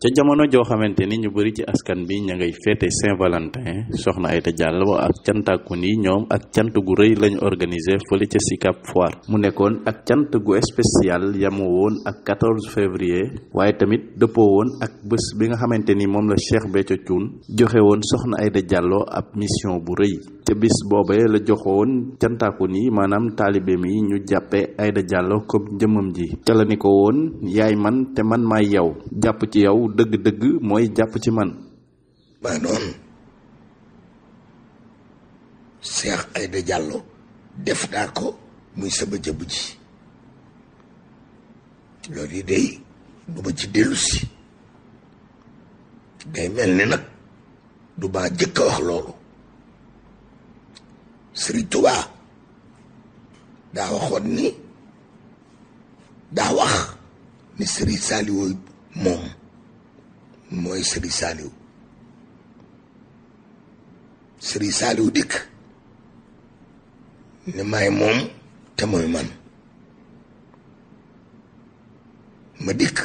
ca jamono joo xamante ni ñu bëri ci askan bi ña ngay féete Saint-Valentin soxna Aïda Diallo ak cantàkku ñoom ak cant gu rëy lañu organisé fële ca Sicap mu nekkoon ak cant gu spécial yamoo woon ak 14 février waaye tamit dëppoo woon ak bés bi nga xamante ni moom la Cheikh Béthio joxe woon soxna Aïda Diallo ab mission bu rëy ca bis boobe la joxoon cantàkku ni maanaam taalibe mii ñu jàppee Aïda Diallo comme jëmmam ji ca la ni ko woon yaay man te man may yow jàpp ci yow dëgg-dëgg mooy jàpp ci man maa noonu Cheikh Aïda Diallo def naa ko muy saba jëmm ji loolu yi day du ci dellu day mel ni nag du maa jëkk a wax loolu Sëriñ Tubaa daa waxoon ni daa wax ni Sëriñ Saaliwu moom mooy Serigne Saliou sëri Saliou dikk ne maay moom te mooy man ma dikk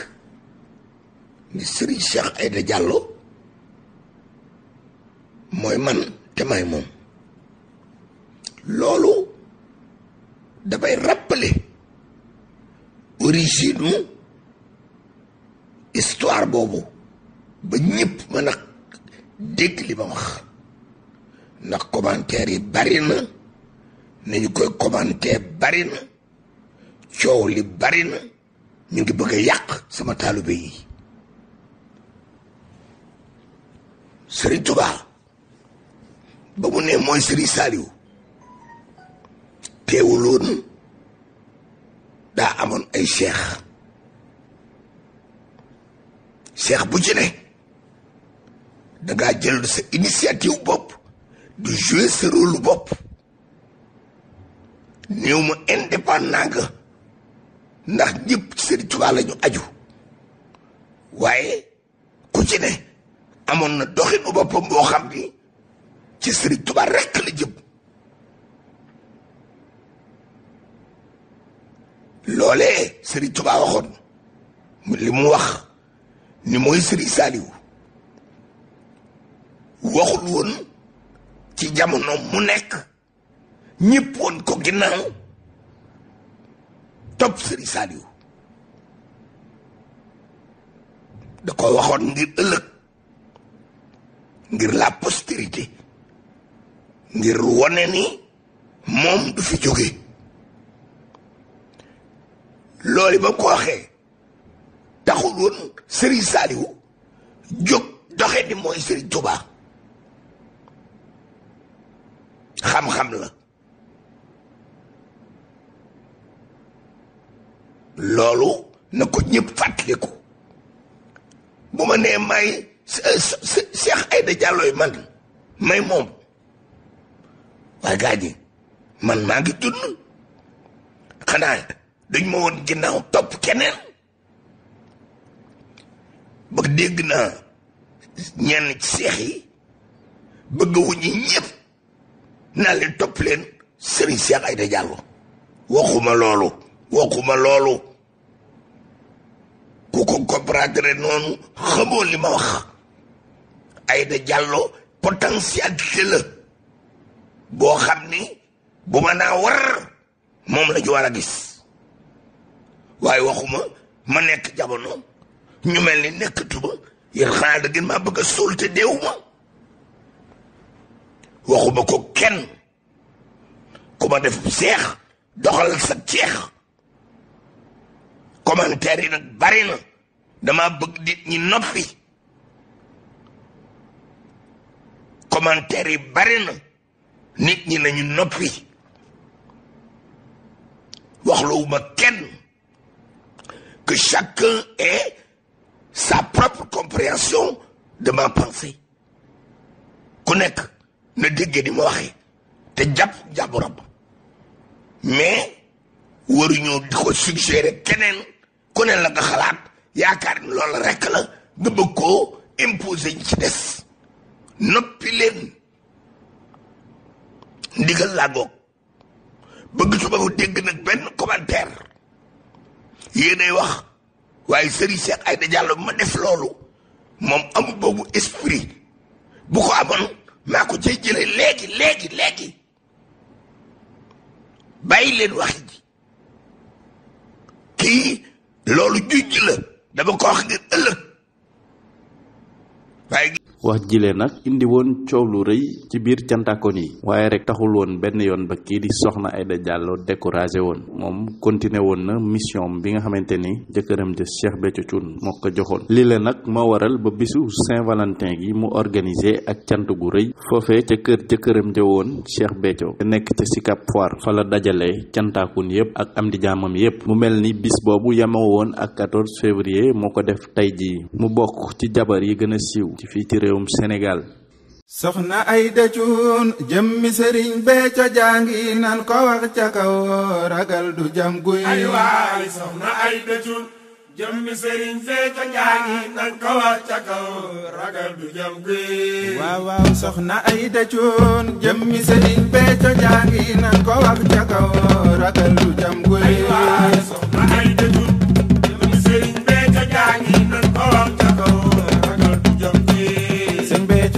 ni Serigne Cheikh Aïda Diallo mooy man te maay moom loolu dafay rappeler origine mu boobu ba ñëpp ma a dégg li ma wax ndax komanteer yi bari na nañu koy commenter bari na coow li bari na ñu ngi bëgg a yàq sama taalibe yi Sëriñ Tuubaa ba mu ne mooy Sëriñ Saaliw teewuloon daa amoon ay cheikh cheikh bu ci da ngaa jël sa initiative bopp du jouer sa rôle bopp néew ma indépendant nga ndax ñëpp ci Sëriñ Tuubaa la aju waaye ku ci ne amoon na doxinu boppam boo xam ni ci Sëriñ Tuubaa rekk la jëm loolee Sëriñ Tuubaa waxoon li mu wax ni mooy Sëriñ Saaliw waxul woon ci jamono mu nekk ñëpp woon ko ginnaaw topp Sëriñ Saliou da ko waxoon ngir ëllëg ngir la postérité ngir wone ni moom du fi jóge loolu ba ko waxee taxul woon Sëriñ Saliou jóg doxe di mooy Sëriñ Tuubaa xam-xam la loolu na ko ñëpp fàttaliku bu ma nee may Cheikh Aïda Diallo yi man may moom waaye gaa ñi man maa ngi dund xanaa dañ ma woon ginnaaw topp keneen ba dégg naa ñenn ci seex yi bëgg wuñu naa leen topp leen Serigne Cheikh Aïda Diallo waxuma loolu waxuma loolu ku ko comprendre noonu xamoo li ma wax Aïda Diallo potentialité la boo xam ni bu ma naa war moom la ñu war a gis waaye waxuma ma nekk jamono ñu mel ni nekk tuba yéen xanaa da ngeen maa bëgg a suul te deewuma waxuma ko kenn ku ma def seex doxal sa ceex commentaire yi nag bari na dama bëgg nit ñi noppi commentaire yi bari na nit ñi nañu noppi waxluwuma kenn que chacun ait sa propre compréhension de ma ku nekk na déggee di ma waxee te jàpp jàpp rab mais waruñoo di ko suggérer keneen ku ne la nga xalaat yaakaar ni loolu rekk la nga bëgg koo imposer ci des noppi leen ndigal laa bëgg su ma ko dégg nag benn commentaire yéenay wax waaye Serigne Cheikh Aïda Diallo ma def loolu moom amu boobu esprit bu ko amoon maa ko cay jële léegi léegi léegi bàyyi leen wax ji kii loolu juj la dama ko wax ngeen ëllëg waaye wax jile nag indi woon coow lu rëy ci biir cantakoon yi waaye rek taxul woon benn yoon ba kii di soxna Aïda Diallo découragé woon moom continué woon na mission bi nga xamante ni jëkkëram ja Cheikh Béthio Thioune moo ko joxoon lii la nag moo waral ba bisu Saint-Valentin gi mu organisé ak cant gu rëy foofee ca kër jëkkëram ja woon Cheikh Béthio te nekk ca Sicap Foire fa la dajalee cantakoon yépp ak am di jaamam yépp mu mel ni bis boobu yemoo woon ak 14 février moo ko def tey jii mu bokk ci jabar yi gën a siiw réewum Sénégal soxna ay waay soxna Ayda sëriñ bee ca jàngi nan ko wax ca kaw ragal du jam guy waaw waaw soxna Ayda Cuun jëmmi sëriñ bee ca jàngi nan ko wax ca kaw ragal du jam guy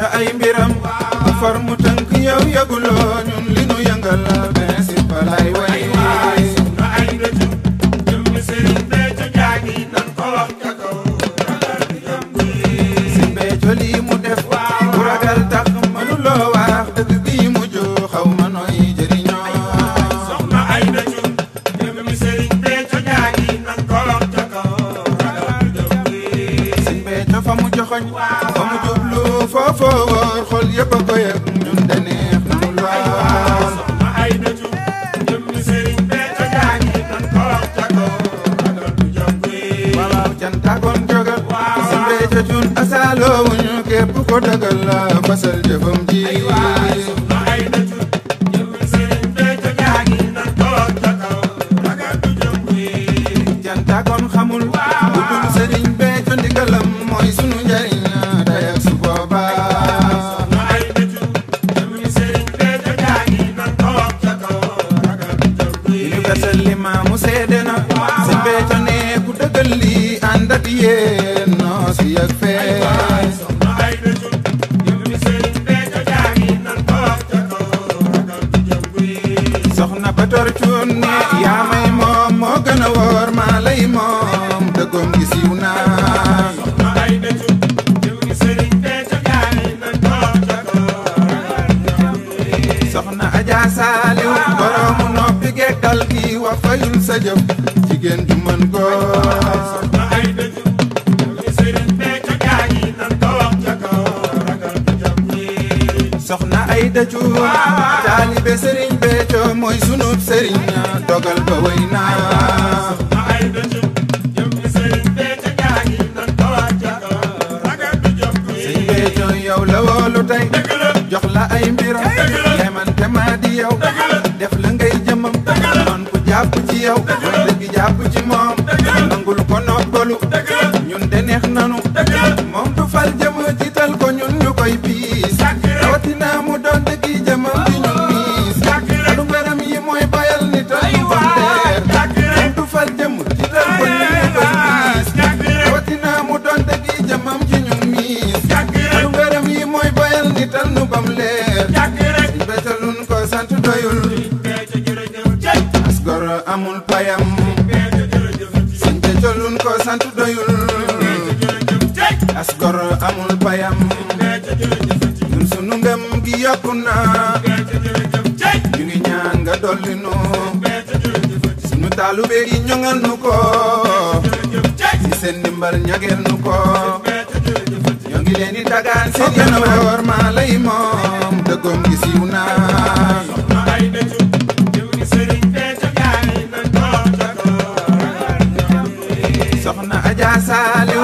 te ay mbiram far mu tënk yow yëguloo ñun li nu yëngal la benn si way ko daga la fasal jëfam ji jëf jigéen ju mën góor soxna Ayda Cuun taalibe Sëriñ Béthio mooy sunub sëriñ dogal ba way naa jàpp ci moom nangul ko noppalu ñun de neex nanu moom du fal jëm payam ñun sunu ngëm gi yokku na ñu ngi ñaan nga dolli sunu taalube yi ñoŋal nu ko ci seen ndimbal ñageel nu ko ñoo ngi leen dagaan seen yoon woor maa lay moom dëggoom gi siiw na soxna Aja Saaliw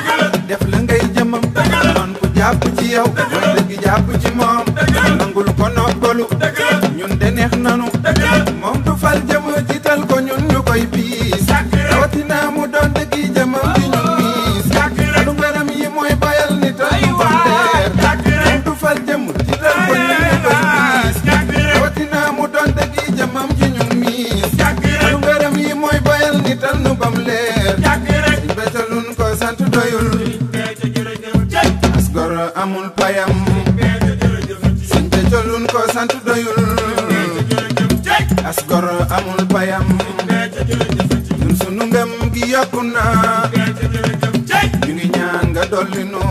nu bam leer jàkk rek bete luñ ko sant sunu ngëm gi yokku na ñu ngi ñaan nga dolli nu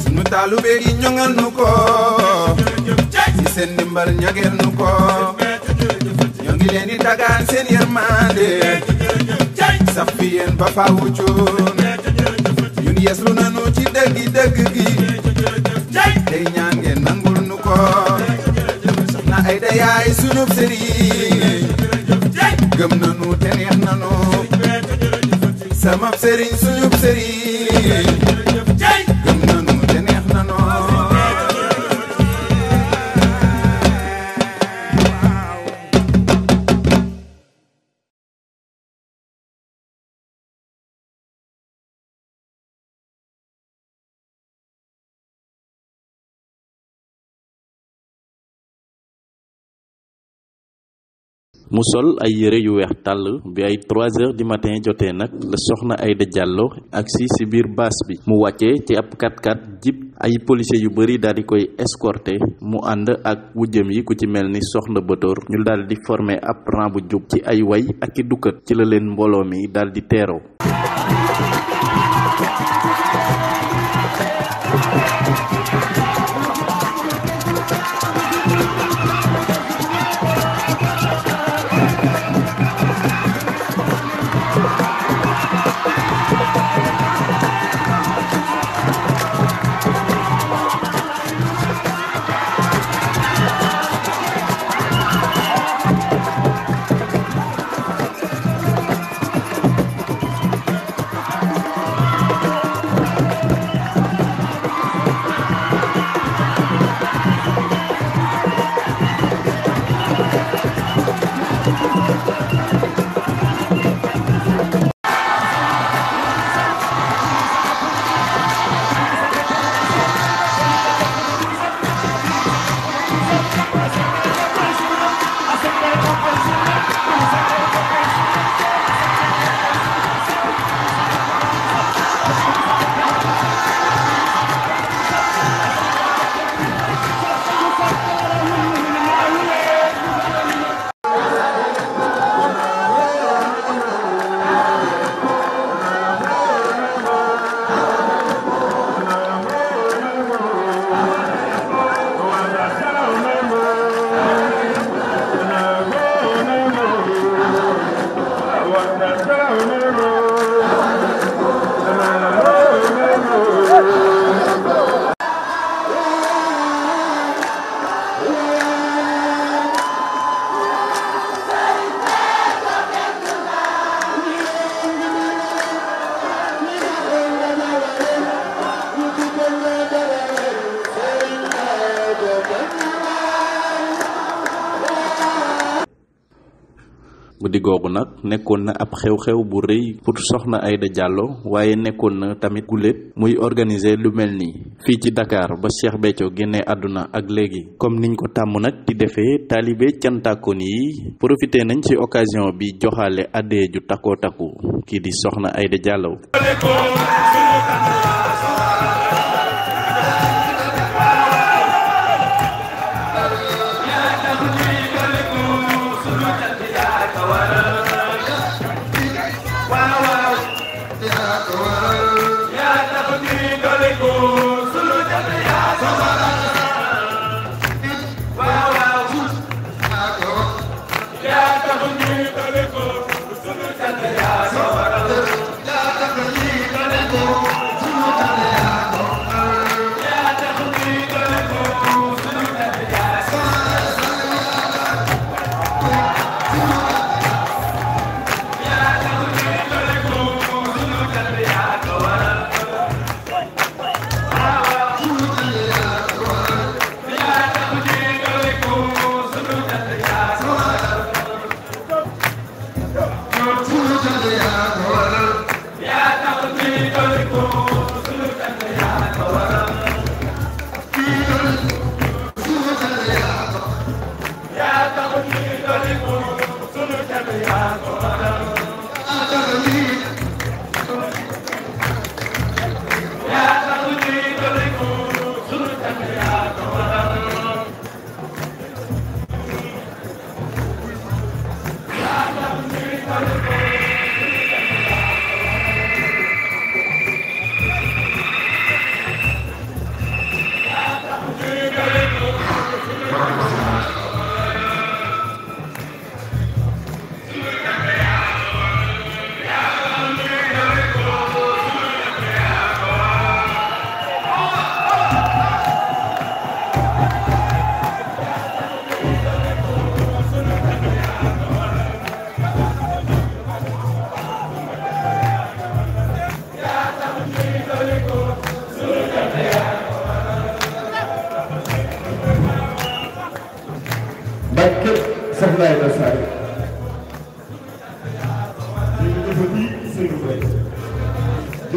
sunu taalu beegi ñoŋal nu ko ci seen ndimbal ñageel nu ko di leen di dagaan seen yërmande sax fi ba faaw coon ñun yeeslu nanu ci dëggi dëgg gi tey ñaan nangul nu ko soxna ay da yaay sunub sëriñ gëm te neex nanu samab sëriñ sunub sëriñ mu sol ay yére yu weex tàll bi ay trois heures du matin jotee nag la soxna Aïda Diallo agsi ci biir baas bi mu wàccee ci ab 4x4 ay policiers yu bëri daal di koy escorter mu ànd ak wujjëm yi ku ci mel ni soxna batoor ñu daal di former ab rang bu jub ci ay way ak i dukkat ci la leen mbooloo mi daal di teeroo googu nag nekkoon na ab xew-xew bu rëy pour soxna Aïda Diallo waaye nekkoon na tamit guléet muy organiser lu mel nii fii ci Dakar ba Cheikh Béthio génnee àdduna ak léegi comme niñ ko tàmm nag di defee taalibe cantakoon yi profité nañ ci occasion bi joxale addee ju takkoo takku kii di soxna Aïda Diallo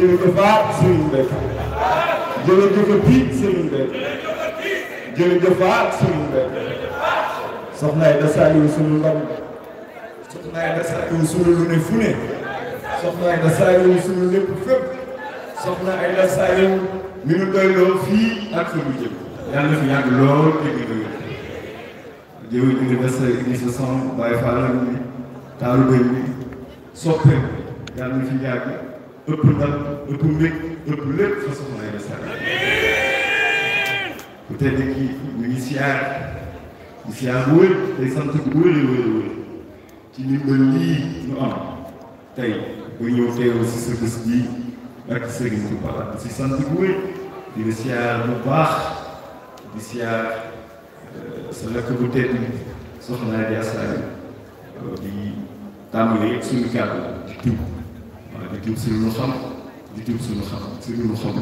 jërëjëfaat Serigne Mbeka jërëjëfati Serigne Mbeka jërëjëfaat Serigne soxna yi dasaay yu sunu ndam soxna yi dasaay yu sunu lu ne fu ne soxna sunu lépp fépp soxna yi dasaay yu nu doy loo fii ak fi mu jëm yàlla fi yàgg lool dégg dëgg jëw ñu ngi des émission son Baye yàlla fi yàgg ëpp ndam ëpp mbég ëpp lépp fa soxna ay sa ku tedd ki ñu ngi siyaar ñu siyaar bu wér tey sant bu wér wér wér ci ndimbal lii ñu am tey ba ñëw teewoo si sa bés bii ak Serigne Touba si sant bu wér di la siyaar bu baax di siyaar euh, sa lakk bu tedd soxna euh, di asaari di tàmbalee suñu kàddu di tuub di jub si lu xam di jub si lu xam si lu xam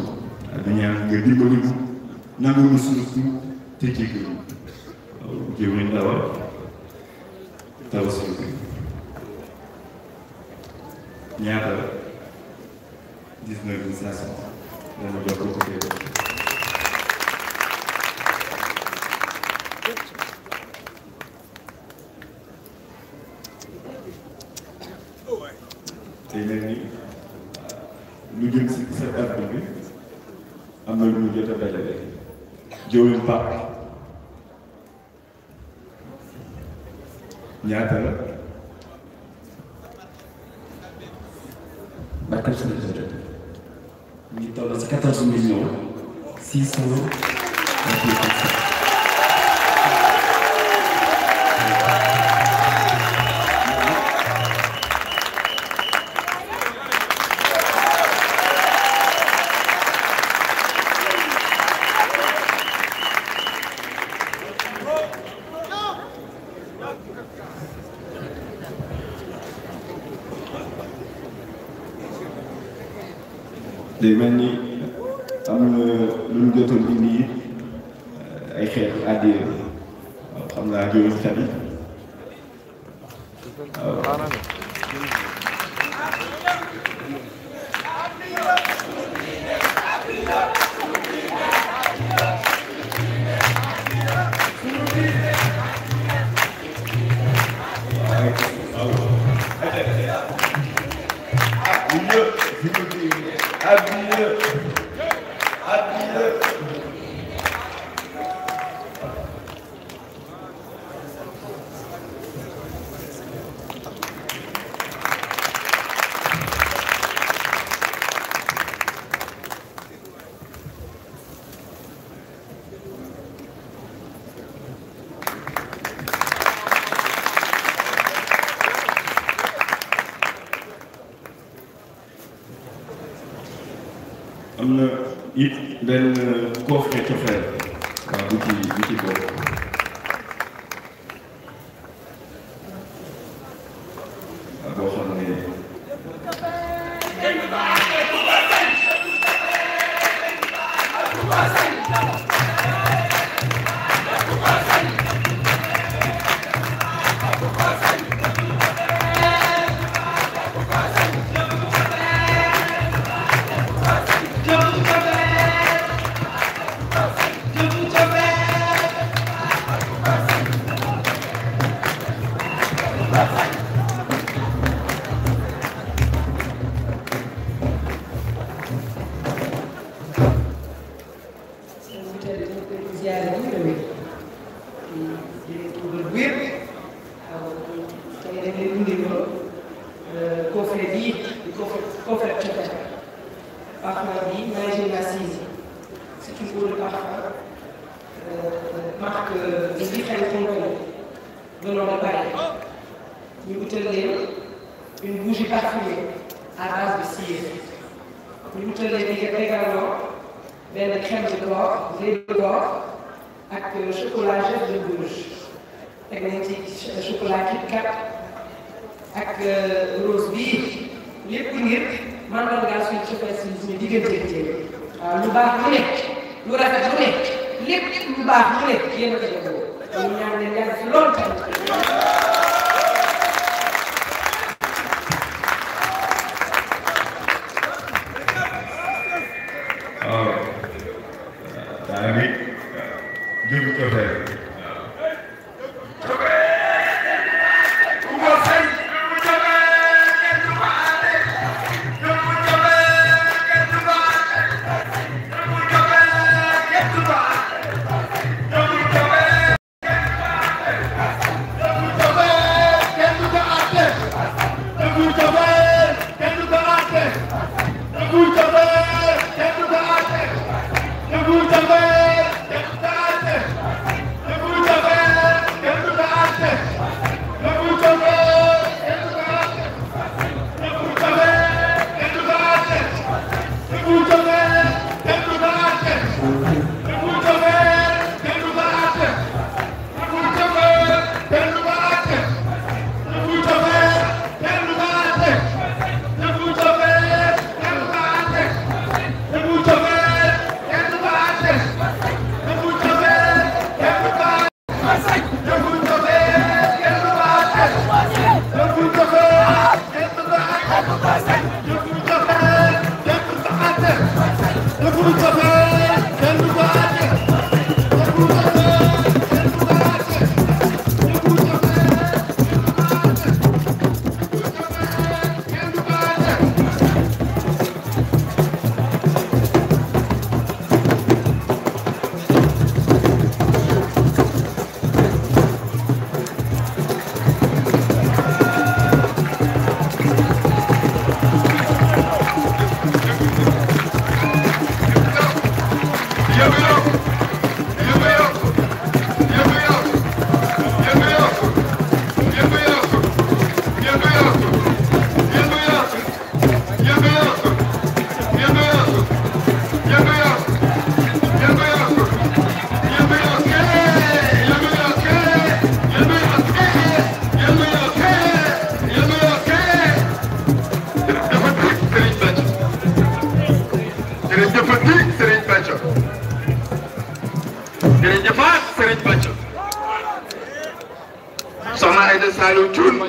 ah, dañuy ñaan nga dimbali ñu nangu ñu suñu suuf te jéggal ñu. waaw jiw nañ la war taw suñu kër ñaata dix-neuf mille cinq cent dama jox ko ko jëwriñ park ñaata la barkal sëñ bi ñu toll si quatorze millions six cent cofeel ak euh, chocolat chef de gouche ci euh, chocolat Kit Kat ak euh, rose bii lépp ngir mandargaal suñu cofeel si suñu diggante jéem waaw lu baax lu nekk lu rafet lu nekk lépp lu baax lu nekk yéen a ko jëfandikoo ñaan leen yàlla si loolu tamit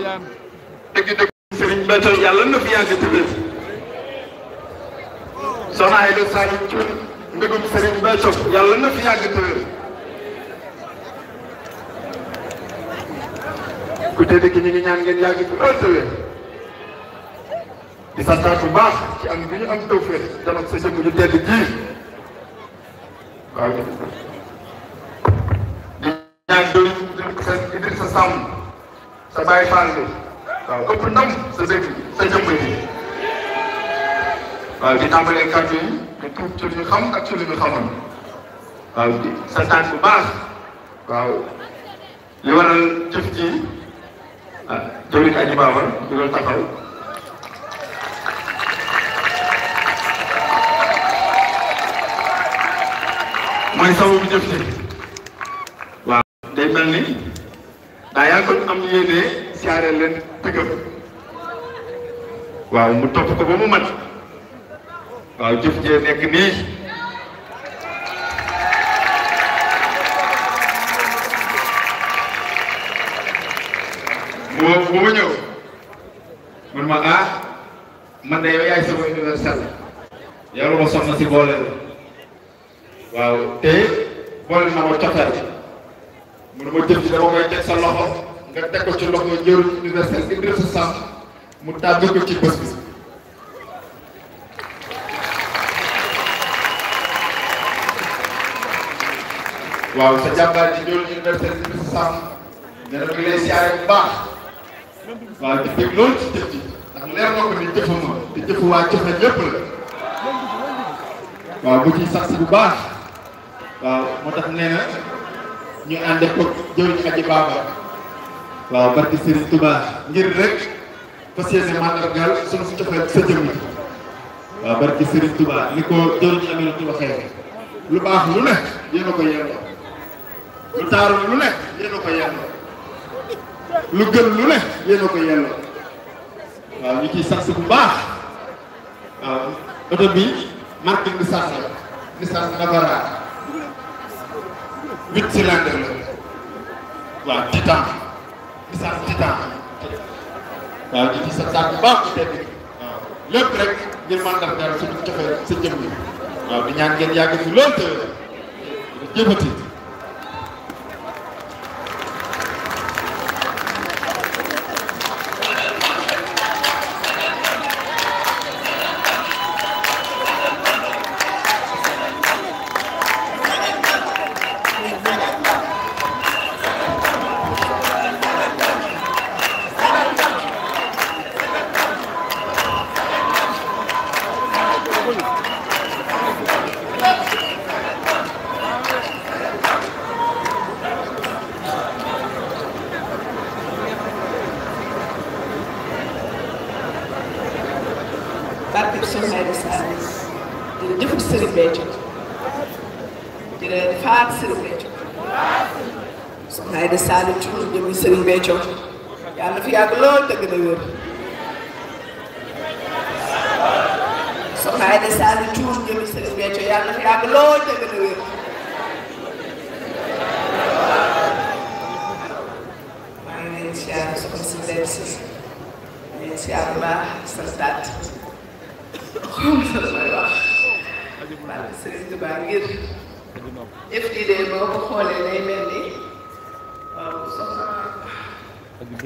dëgg dëgg sëriñ Béthio yàlla na fi yàgg tëddee soxna Aïda Sall ci ndëgum sëriñ Béthio yàlla na fi yàgg tëddee ku tëdd ki ñu ngi ñaan ngeen yàgg tëddee di santaat bu baax ci am bi ñu am tawfeex janak sa jëmm ju tedd ji waaw di ñaan doon Idrissa Samb sa bàyyi faal bi waaw ëpp ndam sa dëkk sa jëmm yi waaw di tàmbalee kàddu yi di tuub ci li ñu xam ak ci li ñu xamoon waaw di sa taat bu baax waaw li waral jëf ji ah jëwriñ aji baaba di doon taxaw mooy sababu jëf ji waaw day mel ni daa yaa ko am yéene siyaare leen tëggam waaw mu topp ko ba mu mat waaw jëf jee nekk nii bu bu ñëw man ma ah man de yow yaay sama universel yow la soxna si boole waaw te boole na ma cofeel mu ne ma jëf ji dama koy teg sa loxo nga teg ko ci loxo njëriñ universel Idrissa Samb mu tàbbi ko ci bés bi. waaw sa jàmbaar ci njëriñ universel Idrissa Samb nee na mi lay siyaare bu baax waaw di dégg loolu ci jëf ji ndax leer na ko ni jëfu ma te jëfu waa jëf na ñëpp la waaw bu ciy sax si bu baax waaw moo tax nee na. ñu ànd ko jëwriñ aji baaba waaw barki Serigne Touba ngir rek fas yéene màndargal suñu si cofee sa jëmm ji waaw barki Serigne Touba ni ko jëwriñ lu baax lu ne yéen a ko yelloo lu taaru lu ne yéen ko yelloo lu gën lu ne yéen ko yelloo waaw ñu ciy sax bu baax waaw oto bi marque Nissan la Nissan Navara huit cylindres la waaw titan licence titan waaw ñu ngi sa saako baax ci teg waaw lépp rek ngir mën def dara suñu cofee sa jëm waaw di ñaan ngeen yàgg fi lool te jëfati gën a wér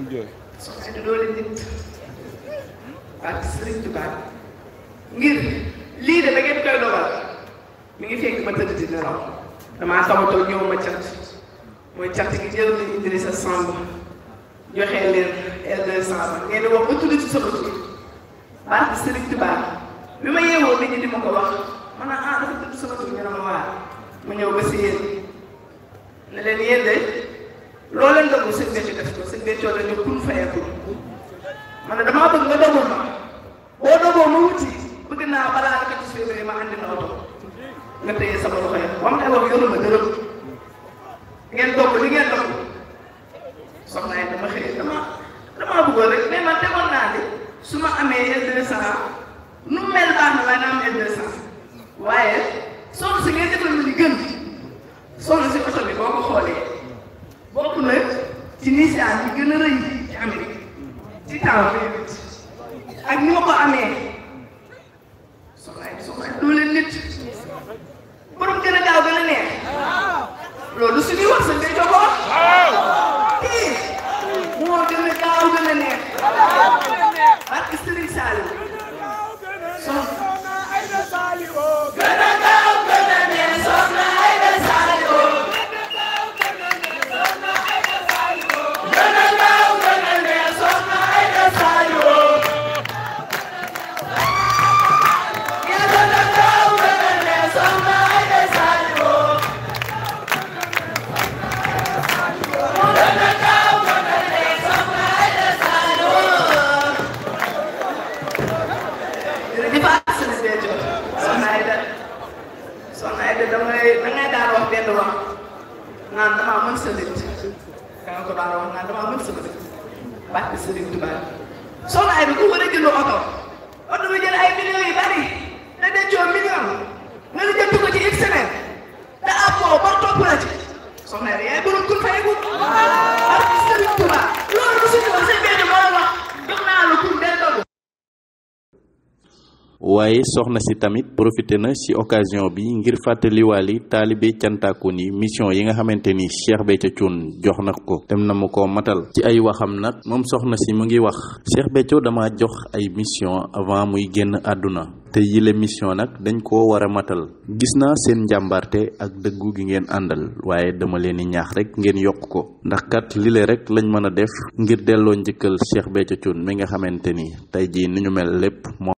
bul jooy. suuf si du doole nit. barke Sëriñ lii de da ngeen koy dogal mi ngi fekk ma tëdd di nelaw damaa tamatoo ñëw ma cat mooy cat gi jël nañ Idrissa Samb joxe leen R200 ngeen wax ba tudd ci sama tur barke Sëriñ Tuubaa bi ma yeewoo nit ñi di ma wax ma ne ah dafa tudd sama tur ñu ne ma waa ma ñëw ba si yéen ne leen de. loolee nga ko sëñ Béthio def ko sëñ Béthio la ñu kun fayeeku ma ne damaa bëgg nga dogoo ma boo dogoo ma wuti bëgg naa balaa nga ci février ma andi na oto nga téye sama loxo ya wam ne wax yoonu ma dërëm ngeen dogg li ngeen dogg soxna yi dama xëy dama damaa bëggoon rek mais man tegoon naa ne su ma amee intéressant nu mel baax na waaye naa am intéressant waaye soxna si ngeen defal ma li gën gën a rëy ci Amérique ci temps léeg da ngay daan wax benn wax naan damaa mën sa nit danga ko daan wax naan damaa mën sa nit barke Sëriñ Tuubaa soxna ay bi ku war a jënd oto oto bi jël ay millions yu bari da dencoo million nga la jënd ko ci une semaine da am boo ba topp la ci soxna ay yaay borom kun fayiku barke Sëriñ Tuubaa loolu bu suñu wax seen benn moo wax jox naa la waaye soxna si tamit profité na si occasion bi ngir fàttaliwaali taalibe cantaakun ni mission yi nga xamante ni Cheikh Béthio Thioune jox na ko dem na mu ko matal ci ay waxam nag moom soxna si mu ngi wax Cheikh Béthio dama jox ay mission avant muy génn àdduna te yile mission nag dañ koo war a matal gis naa seen njàmbarte ak dëggu gi ngeen àndal waaye dama leen di ñaax rek ngeen yokk ko ndax kat lile rek lañ mën a def ngir delloo njëkkal Cheikh Béthio Thioune mi nga xamante ni tey jii ni ñu mel lépp